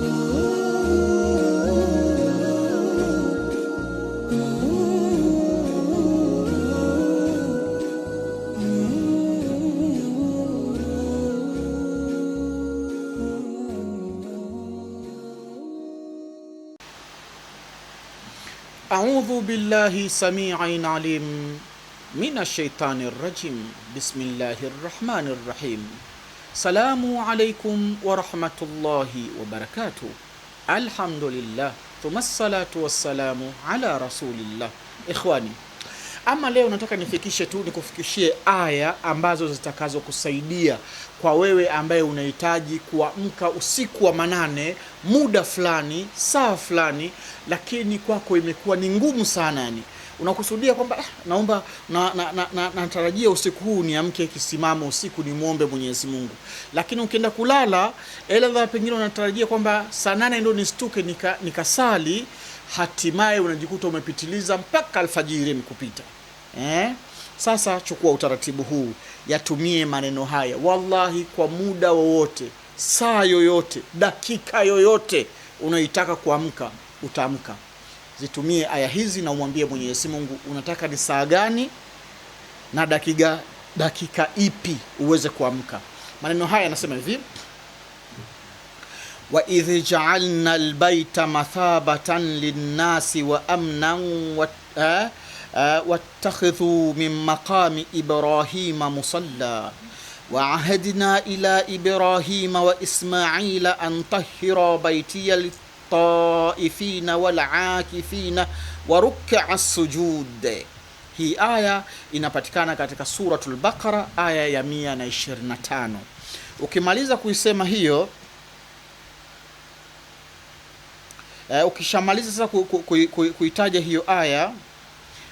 أعوذ بالله سميع عليم من الشيطان الرجيم بسم الله الرحمن الرحيم Salamu alaikum warahmatullahi wabarakatuh. Alhamdulillah thumma salatu wassalamu ala rasulillah. Ikhwani, ama leo nataka nifikishe tu nikufikishie aya ambazo zitakazokusaidia kwa wewe ambaye unahitaji kuamka usiku wa manane, muda fulani, saa fulani, lakini kwako imekuwa ni ngumu sana yani unakusudia kwamba eh, naomba na, na, na, na, natarajia usiku huu niamke kisimamo usiku nimwombe Mwenyezi Mungu, lakini ukienda kulala eladha, pengine unatarajia kwamba saa nane ndio nistuke nika, nikasali, hatimaye unajikuta umepitiliza mpaka alfajiri mkupita eh? Sasa chukua utaratibu huu, yatumie maneno haya, wallahi, kwa muda wowote, saa yoyote, dakika yoyote unaitaka kuamka, utaamka zitumie aya hizi na umwambie Mwenyezi Mungu unataka ni saa gani na dakika, dakika ipi uweze kuamka. Maneno haya yanasema hivi: wa idh ja'alna albaita mathabatan linnasi wa amnan wa eh, eh min maqami ibrahima musalla ahadna ila ibrahima wa ismaila an tahira baytiya taifina walakifina wa sujud. Hii aya inapatikana katika Suratul Baqara aya ya 125. Ukimaliza kuisema hiyo e, ukishamaliza sasa kuitaja hiyo aya,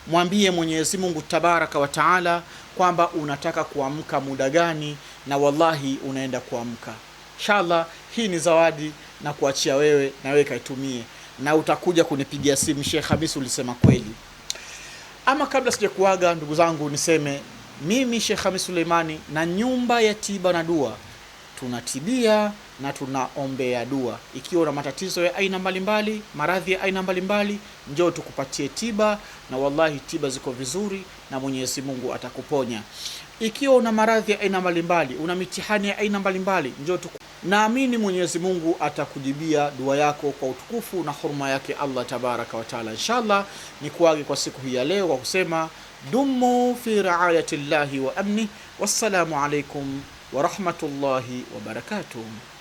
mwambie Mwenyezi Mungu Tabaraka wa Taala kwamba unataka kuamka muda gani, na wallahi unaenda kuamka inshallah. Hii ni zawadi na kuachia wewe, na wewe kaitumie, na utakuja kunipigia simu. Sheikh hamis ulisema kweli. Ama kabla sijakuaga, ndugu zangu, niseme mimi Sheikh hamis Suleimani na nyumba ya tiba na dua tunatibia na tunaombea dua. Ikiwa una matatizo ya aina mbalimbali, maradhi ya aina mbalimbali, njoo tukupatie tiba, na wallahi tiba ziko vizuri, na Mwenyezi Mungu atakuponya. Ikiwa una maradhi ya aina mbalimbali, una mitihani ya aina mbalimbali, njoo naamini Mwenyezi Mungu atakujibia dua yako kwa utukufu na huruma yake Allah tabaraka wa taala. Inshallah ni kuage kwa siku hii ya leo kwa kusema dumu fi riayati llahi wa amni. Wassalamu alaikum wa rahmatullahi wa barakatuh.